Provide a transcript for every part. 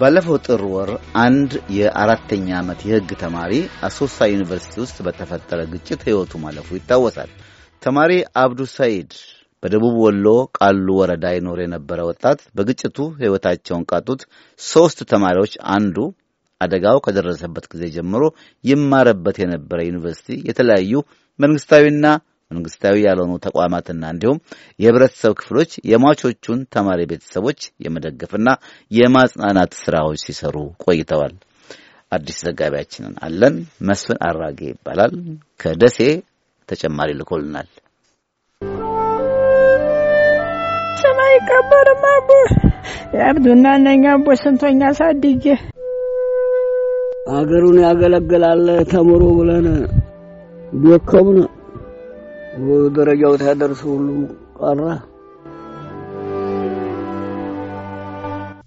ባለፈው ጥር ወር አንድ የአራተኛ ዓመት የሕግ ተማሪ አሶሳ ዩኒቨርሲቲ ውስጥ በተፈጠረ ግጭት ሕይወቱ ማለፉ ይታወሳል። ተማሪ አብዱ ሰይድ በደቡብ ወሎ ቃሉ ወረዳ ይኖር የነበረ ወጣት በግጭቱ ሕይወታቸውን ካጡት ሦስት ተማሪዎች አንዱ አደጋው ከደረሰበት ጊዜ ጀምሮ ይማረበት የነበረ ዩኒቨርሲቲ የተለያዩ መንግሥታዊና መንግስታዊ ያልሆኑ ተቋማትና እንዲሁም የህብረተሰብ ክፍሎች የሟቾቹን ተማሪ ቤተሰቦች የመደገፍና የማጽናናት ስራዎች ሲሰሩ ቆይተዋል። አዲስ ዘጋቢያችንን አለን። መስፍን አራጌ ይባላል። ከደሴ ተጨማሪ ልኮልናል። ሰማይ አይቀበርም አቦ የአብዱና ነኛ አቦ ስንቶኛ ሳድጌ አገሩን ያገለግላል ተምሮ ብለን ደከሙን ደረጃው ታደርሱ ሁሉ ቀረ።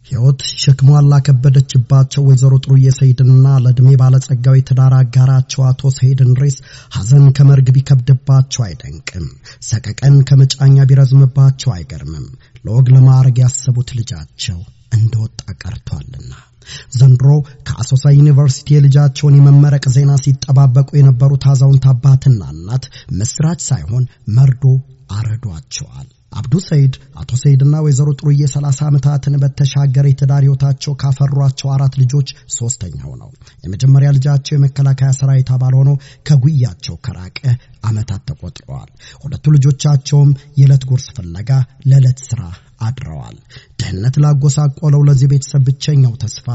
ሕይወት ሸክሟን ላከበደችባቸው ወይዘሮ ጥሩዬ ሰይድና ለእድሜ ባለጸጋዊ ተዳራ አጋራቸው አቶ ሰይድን ሬስ ሐዘን ከመርግ ቢከብድባቸው አይደንቅም። ሰቀቀን ከመጫኛ ቢረዝምባቸው አይገርምም። ለወግ ለማዕረግ ያሰቡት ልጃቸው እንደወጣ ቀርቷልና ዘንድሮ ከአሶሳ ዩኒቨርሲቲ የልጃቸውን የመመረቅ ዜና ሲጠባበቁ የነበሩት አዛውንት አባትና እናት ምስራች ሳይሆን መርዶ አረዷቸዋል። አብዱ ሰይድ አቶ ሰይድና ወይዘሮ ጥሩዬ 30 ዓመታትን በተሻገረ የትዳር ሕይወታቸው ካፈሯቸው አራት ልጆች ሶስተኛው ነው። የመጀመሪያ ልጃቸው የመከላከያ ሰራዊት አባል ሆኖ ከጉያቸው ከራቀ ዓመታት ተቆጥረዋል። ሁለቱ ልጆቻቸውም የዕለት ጉርስ ፍለጋ ለዕለት ሥራ አድረዋል። ድህነት ላጎሳቆለው ለዚህ ቤተሰብ ብቸኛው ተስፋ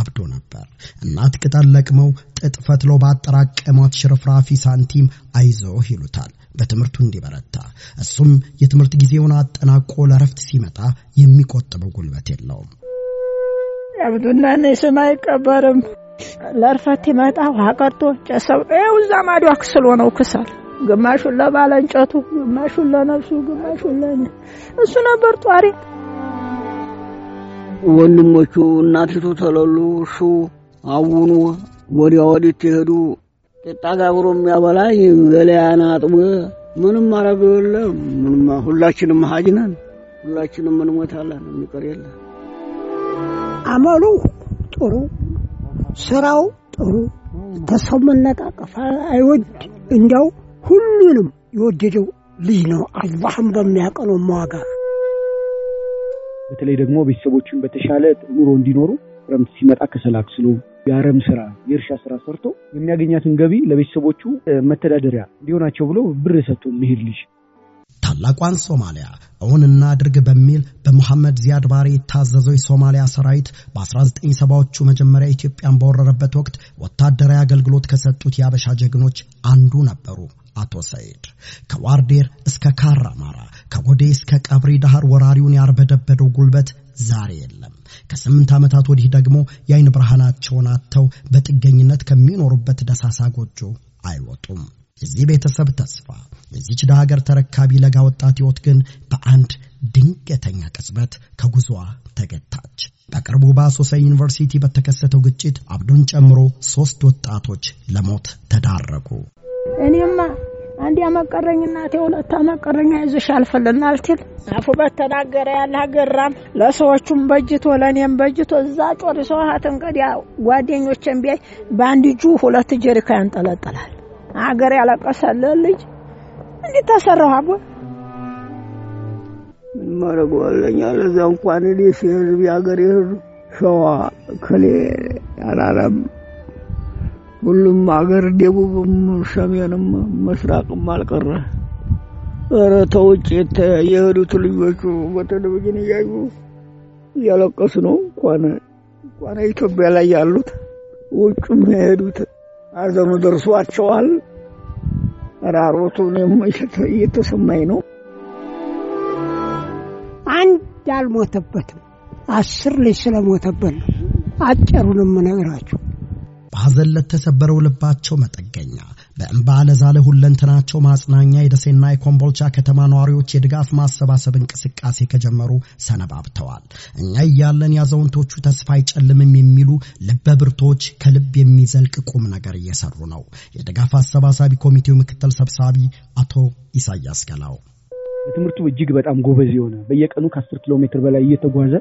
አብዶ ነበር። እናት ቅጠል ለቅመው ጥጥ ፈትለው ባጠራቀሟት ሽርፍራፊ ሳንቲም አይዞህ ይሉታል በትምህርቱ እንዲበረታ። እሱም የትምህርት ጊዜውን አጠናቆ ለረፍት ሲመጣ የሚቆጥበው ጉልበት የለውም። አብዱና እኔ ስም አይቀበርም ለርፈት ይመጣ ውሃ ቀርቶ ጨሰብ ይኸው እዛ ማዶ አክስሎ ነው ክሳል ግማሹን ለባለ እንጨቱ፣ ግማሹን ለነፍሱ፣ ግማሹን ለእኔ እሱ ነበር ጧሪ። ወንድሞቹ እናቲቱ ተለሉ፣ እሱ አውኑ ወዲያ ወዲህ ትሄዱ ቂጣ ጋግሮ የሚያበላኝ ገለያን አጥሞ ምንም አረገ የለም። ምንም ሁላችንም ሀጅ ሁላችንም እንሞታለን፣ የሚቀር የለ አመሉ ጥሩ፣ ስራው ጥሩ፣ ተሰው መነቃቀፍ አይወድ እንዲያው ሁሉንም የወደደው ልጅ ነው። አላህም በሚያውቀው መዋጋ በተለይ ደግሞ ቤተሰቦችን በተሻለ ኑሮ እንዲኖሩ ረምት ሲመጣ ከሰላክስሎ የአረም ስራ የእርሻ ስራ ሰርቶ የሚያገኛትን ገቢ ለቤተሰቦቹ መተዳደሪያ እንዲሆናቸው ብሎ ብር ሰጥቶ መሄድ ልጅ ታላቋን ሶማሊያ እውን እናድርግ በሚል በሙሐመድ ዚያድ ባሬ የታዘዘው የሶማሊያ ሰራዊት በ1970ዎቹ መጀመሪያ ኢትዮጵያን በወረረበት ወቅት ወታደራዊ አገልግሎት ከሰጡት የአበሻ ጀግኖች አንዱ ነበሩ። አቶ ሰይድ ከዋርዴር እስከ ካራማራ ከጎዴ እስከ ቀብሪ ዳህር ወራሪውን ያርበደበደው ጉልበት ዛሬ የለም። ከስምንት ዓመታት ወዲህ ደግሞ የአይን ብርሃናቸውን አጥተው በጥገኝነት ከሚኖሩበት ደሳሳ ጎጆ አይወጡም። የዚህ ቤተሰብ ተስፋ የዚች ድሃ ተረካቢ ለጋ ወጣት ሕይወት ግን በአንድ ድንገተኛ ቅጽበት ከጉዞዋ ተገታች። በቅርቡ በአሶሳ ዩኒቨርሲቲ በተከሰተው ግጭት አብዱን ጨምሮ ሦስት ወጣቶች ለሞት ተዳረጉ። እኔ አንድ ያመቀረኝ እናቴ ሁለት አመቀረኝ አይዞሽ ያልፍልና አልትል አፉ በተናገረ ያለ ሀገራም ለሰዎቹም በጅቶ ለእኔም በጅቶ እዛ ጮሪ ሰውሀት እንግዲያ ጓደኞችን ቢያይ በአንድ እጁ ሁለት ጀሪካ ያንጠለጥላል። አገር ያለቀሰለ ልጅ እንዴት ተሰራው አቦ ምን ማድረግ ዋለኛ ለዛ እንኳን እኔ ሲህዝብ የሀገር ይህዝብ ሸዋ ክሌ አላለም ሁሉም አገር ደቡብም፣ ሰሜንም ምስራቅም አልቀረ። ኧረ ተውጭ የሄዱት ልጆቹ በቴሌቪዥን እያዩ እያለቀሱ ነው። እንኳን እንኳን ኢትዮጵያ ላይ ያሉት ውጭም የሄዱት አዘኑ ደርሷቸዋል። ራሮቱ እየተሰማኝ ነው። አንድ አልሞተበትም፣ አስር ልጅ ስለሞተበት ነው። አጭሩንም እነግራችሁ በሐዘን ለተሰበረው ልባቸው መጠገኛ፣ በእንባ ለዛለ ሁለንተናቸው ማጽናኛ የደሴና የኮምቦልቻ ከተማ ነዋሪዎች የድጋፍ ማሰባሰብ እንቅስቃሴ ከጀመሩ ሰነባብተዋል። እኛ እያለን ያዛውንቶቹ ተስፋ አይጨልምም የሚሉ ልበ ብርቶች ከልብ የሚዘልቅ ቁም ነገር እየሰሩ ነው። የድጋፍ አሰባሳቢ ኮሚቴው ምክትል ሰብሳቢ አቶ ኢሳያስ ገላው በትምህርቱ እጅግ በጣም ጎበዝ የሆነ በየቀኑ ከአስር ኪሎ ሜትር በላይ እየተጓዘ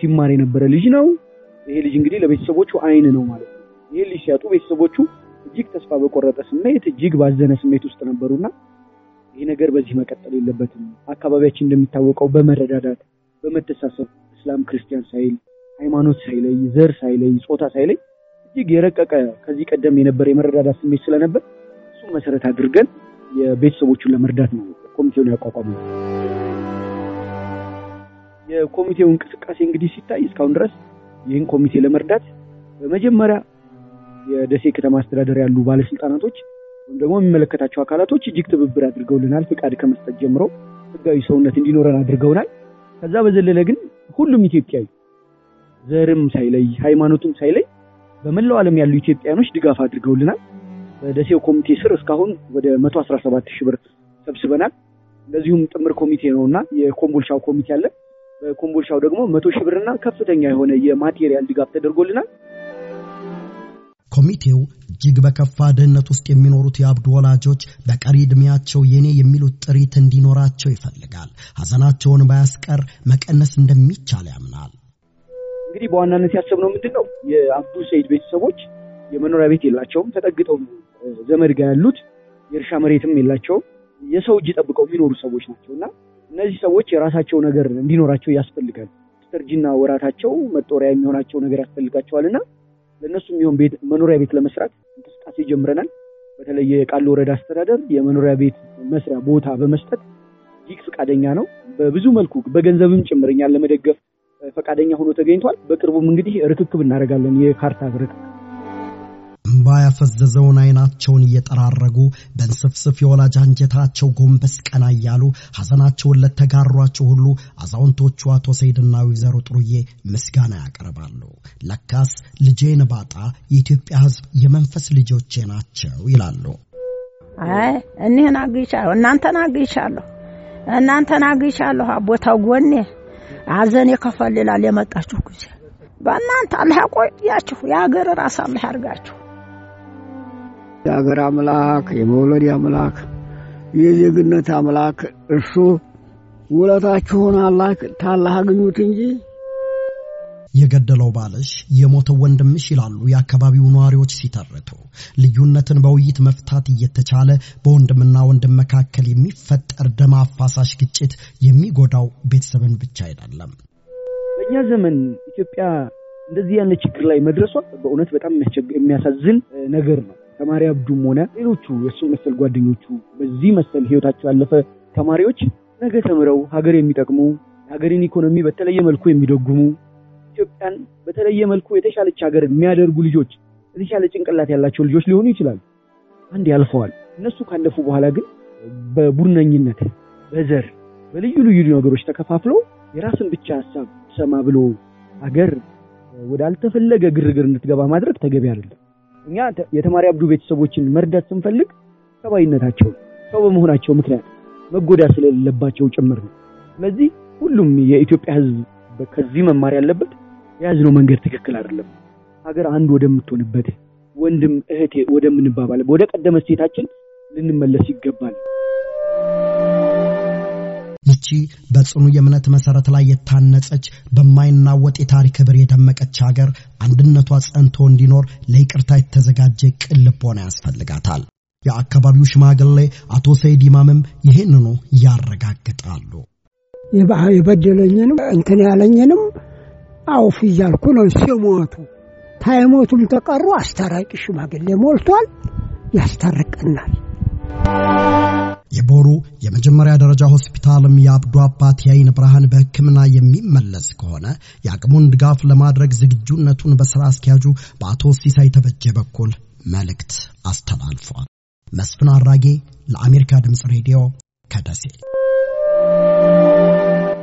ሲማር የነበረ ልጅ ነው። ይሄ ልጅ እንግዲህ ለቤተሰቦቹ አይን ነው ማለት ነው። ይህ ልጅ ሲያጡ ቤተሰቦቹ እጅግ ተስፋ በቆረጠ ስሜት፣ እጅግ ባዘነ ስሜት ውስጥ ነበሩና ይህ ነገር በዚህ መቀጠል የለበትም። አካባቢያችን እንደሚታወቀው በመረዳዳት በመተሳሰብ እስላም ክርስቲያን ሳይል ሃይማኖት ሳይለይ ዘር ሳይለይ ጾታ ሳይለይ እጅግ የረቀቀ ከዚህ ቀደም የነበረ የመረዳዳት ስሜት ስለነበር እሱ መሰረት አድርገን የቤተሰቦቹን ለመርዳት ነው ኮሚቴውን ያቋቋመው። የኮሚቴው እንቅስቃሴ እንግዲህ ሲታይ እስካሁን ድረስ ይህን ኮሚቴ ለመርዳት በመጀመሪያ የደሴ ከተማ አስተዳደር ያሉ ባለስልጣናቶች ወይም ደግሞ የሚመለከታቸው አካላቶች እጅግ ትብብር አድርገውልናል። ፍቃድ ከመስጠት ጀምሮ ህጋዊ ሰውነት እንዲኖረን አድርገውናል። ከዛ በዘለለ ግን ሁሉም ኢትዮጵያዊ ዘርም ሳይለይ ሃይማኖቱም ሳይለይ በመላው ዓለም ያሉ ኢትዮጵያኖች ድጋፍ አድርገውልናል። በደሴው ኮሚቴ ስር እስካሁን ወደ 117 ሺህ ብር ሰብስበናል። እንደዚሁም ጥምር ኮሚቴ ነው እና የኮምቦልሻው ኮሚቴ አለ። በኮምቦልሻው ደግሞ መቶ ሺህ ብርና ከፍተኛ የሆነ የማቴሪያል ድጋፍ ተደርጎልናል። ኮሚቴው እጅግ በከፋ ድህነት ውስጥ የሚኖሩት የአብዱ ወላጆች በቀሪ ዕድሜያቸው የኔ የሚሉት ጥሪት እንዲኖራቸው ይፈልጋል። ሐዘናቸውን ባያስቀር መቀነስ እንደሚቻል ያምናል። እንግዲህ በዋናነት ያሰብነው ምንድን ነው የአብዱ ሰይድ ቤተሰቦች የመኖሪያ ቤት የላቸውም። ተጠግጠው ዘመድ ጋር ያሉት የእርሻ መሬትም የላቸውም። የሰው እጅ ጠብቀው የሚኖሩ ሰዎች ናቸው እና እነዚህ ሰዎች የራሳቸው ነገር እንዲኖራቸው ያስፈልጋል። ስተርጅና ወራታቸው መጦሪያ የሚሆናቸው ነገር ያስፈልጋቸዋል እና ለእነሱ የሚሆን ቤት መኖሪያ ቤት ለመስራት እንቅስቃሴ ጀምረናል። በተለይ የቃሉ ወረዳ አስተዳደር የመኖሪያ ቤት መስሪያ ቦታ በመስጠት እጅግ ፈቃደኛ ነው። በብዙ መልኩ በገንዘብም ጭምርኛ ለመደገፍ ፈቃደኛ ሆኖ ተገኝቷል። በቅርቡም እንግዲህ ርክክብ እናደርጋለን የካርታ ርክክብ እምባ ያፈዘዘውን አይናቸውን እየጠራረጉ በንስፍስፍ የወላጅ አንጀታቸው ጎንበስ ቀና እያሉ ሐዘናቸውን ለተጋሯቸው ሁሉ አዛውንቶቹ አቶ ሰይድና ወይዘሮ ጥሩዬ ምስጋና ያቀርባሉ። ለካስ ልጄን ባጣ የኢትዮጵያ ሕዝብ የመንፈስ ልጆቼ ናቸው ይላሉ። አይ እኒህን አግኝቻለሁ፣ እናንተን አግኝቻለሁ፣ እናንተን አግኝቻለሁ። ቦታው ጎኔ አዘን የከፈልላል የመጣችሁ ጊዜ በእናንተ አላህ የሀገር የአገር ራስ አላህ አድርጋችሁ የአገር አምላክ፣ የመውለድ አምላክ፣ የዜግነት አምላክ እርሱ ውለታችሁን አላክ ታላህ አግኙት እንጂ የገደለው ባልሽ የሞተው ወንድምሽ ይላሉ የአካባቢው ነዋሪዎች ሲተርቱ። ልዩነትን በውይይት መፍታት እየተቻለ በወንድምና ወንድም መካከል የሚፈጠር ደም አፋሳሽ ግጭት የሚጎዳው ቤተሰብን ብቻ አይደለም። በእኛ ዘመን ኢትዮጵያ እንደዚህ ያለ ችግር ላይ መድረሷ በእውነት በጣም የሚያሳዝን ነገር ነው። ተማሪ አብዱም ሆነ ሌሎቹ የእሱ መሰል ጓደኞቹ በዚህ መሰል ህይወታቸው ያለፈ ተማሪዎች ነገ ተምረው ሀገር የሚጠቅሙ የሀገርን ኢኮኖሚ በተለየ መልኩ የሚደጉሙ ኢትዮጵያን በተለየ መልኩ የተሻለች ሀገር የሚያደርጉ ልጆች የተሻለ ጭንቅላት ያላቸው ልጆች ሊሆኑ ይችላሉ። አንድ ያልፈዋል። እነሱ ካለፉ በኋላ ግን በቡድነኝነት፣ በዘር፣ በልዩ ልዩ ነገሮች ተከፋፍሎ የራስን ብቻ ሀሳብ ሰማ ብሎ ሀገር ወዳልተፈለገ ግርግር እንድትገባ ማድረግ ተገቢ አይደለም። እኛ የተማሪ አብዱ ቤተሰቦችን መርዳት ስንፈልግ ሰብአዊነታቸው ሰው በመሆናቸው ምክንያት መጎዳ ስለሌለባቸው ጭምር ነው። ስለዚህ ሁሉም የኢትዮጵያ ሕዝብ ከዚህ መማር ያለበት የያዝነው መንገድ ትክክል አይደለም። ሀገር አንድ ወደምትሆንበት ወንድም እህቴ ወደምንባባል ወደ ቀደመ ሴታችን ልንመለስ ይገባል። ይቺ በጽኑ የእምነት መሠረት ላይ የታነጸች በማይናወጥ የታሪክ ክብር የደመቀች ሀገር አንድነቷ ጸንቶ እንዲኖር ለይቅርታ የተዘጋጀ ቅን ልቦና ያስፈልጋታል። የአካባቢው ሽማግሌ አቶ ሰይድ ኢማምም ይህንኑ ያረጋግጣሉ። የበደለኝንም እንትን ያለኝንም አውፍ እያልኩ ነው ሲሞቱ ታይሞቱም ተቀሩ አስታራቂ ሽማግሌ ሞልቷል፣ ያስታርቀናል። የቦሩ የመጀመሪያ ደረጃ ሆስፒታልም የአብዱ አባት የአይን ብርሃን በሕክምና የሚመለስ ከሆነ የአቅሙን ድጋፍ ለማድረግ ዝግጁነቱን በስራ አስኪያጁ በአቶ ሲሳይ ተበጀ በኩል መልእክት አስተላልፏል። መስፍን አራጌ ለአሜሪካ ድምፅ ሬዲዮ ከደሴ